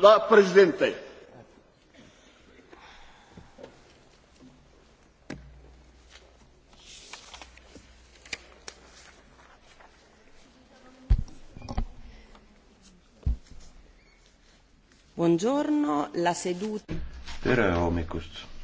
la Presidente. Buongiorno, la seduta. tere hommikust